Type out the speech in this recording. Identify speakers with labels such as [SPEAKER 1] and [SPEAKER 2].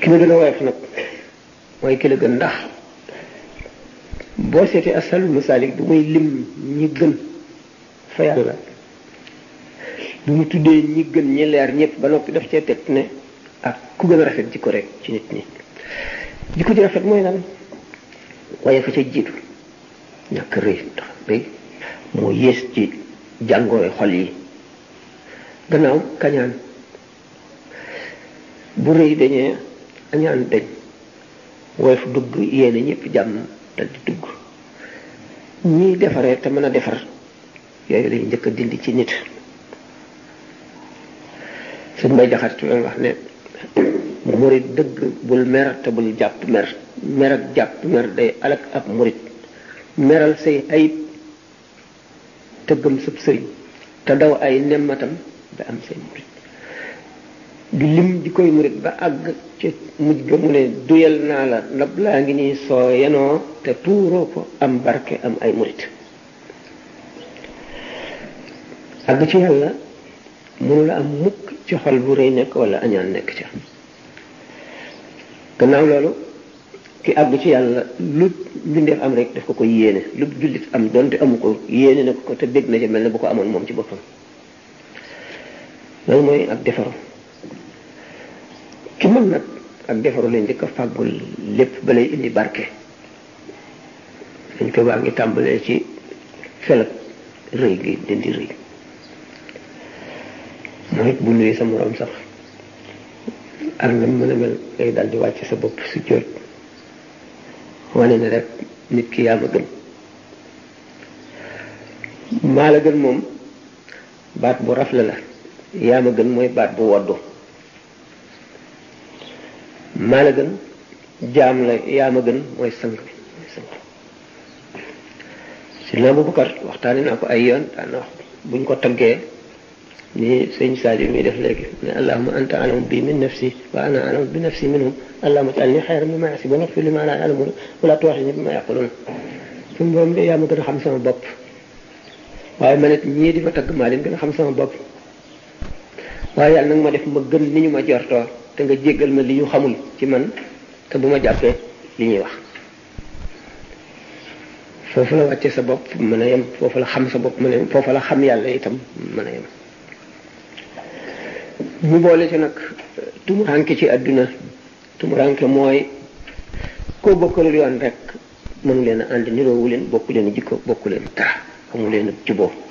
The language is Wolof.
[SPEAKER 1] ki la gën a woyof nag mooy ki la gën ndax boo seetee asalul masaalik bi muy lim ñi gën fa yàlla bu ñu tuddee ñi gën ñi leer ñëpp ba noppi def cee teg ne ak ku gën a rafet jikko rek ci nit ñi jikko ji rafet mooy lan waaye fa ca jiitu ñàkk rëy moo yées ci jàngooy xol yi gannaaw kañaan bu rëy dañee ak ñaanu daj woyof dugg yéene ñëpp jàmm dal di dugg ñiy defaree te mën a defar yooyu lay njëkk a dindi ci nit suñ may jaxat ci wax ne murit dëgg bul mer te bul jàpp mer mer ak jàpp mer day alak ab murit meral say ayib te gëm te daw ay nemmatam da am say murit di lim di koy murit ba àgg ci mujj mu ne duyal naa la ndab laa ngi nii soo yenoo te tuuroo ko am barke am ay murit àgg ci yàlla mënu la am mukk ci xol bu rëy nekk wala añaan nekk ca gannaaw loolu ki àgg ci yàlla lu mbindeef am rek daf ko ko lu jullit am donte amu ko yéene na ko te bég na ci mel ne bu ko amoon moom ci boppam loolu mooy ak defaru ki mën nag ak defaru leen njëkk a fàggul lépp ba indi barke dañ koy waa ngi tàmbalee ci felag rëy gi dindi rëy mooy bu nuyu sa moroom sax ak na mën a mel ngay daal di wàcc sa bopp su jot wane ne rek nit ki yaa ma gën maa la gën moom baat bu rafle la yaa ma gën mooy baat bu woddu maa la gën jaam la yaa ma gën mooy sang bi mooy sang sidna Abubakar waxtaane naa ko ay yoon daan wax buñ ko taggee ni sëñ Sadio muy def léegi ne allahuma anta alam bi min nafsi wa ana alam bi nafsi minhum allahuma jaalni xayran mimma li ma laa ya'lamuun wa laa tuwaxini bima ma gën a xam sama bopp waaye man ñii di ma tagg maa leen gën a xam sama bopp waaye yàlla nag ma def ma gën ni ñu ma jortoo te nga jéggal ma li ñu xamul ci man te bu ma jàppee li ñuy wax foofu la wàcce sa bopp mën a yem foofu la xam sa bopp mën a yem foofu la xam yàlla itam mën a yem mu boole ci nag tumuranke ci àdduna tumuranke mooy koo bokkalul yoon rek mënu leen a ànd niroowu leen bokku leen jikko bokku leen dara amu leen juboo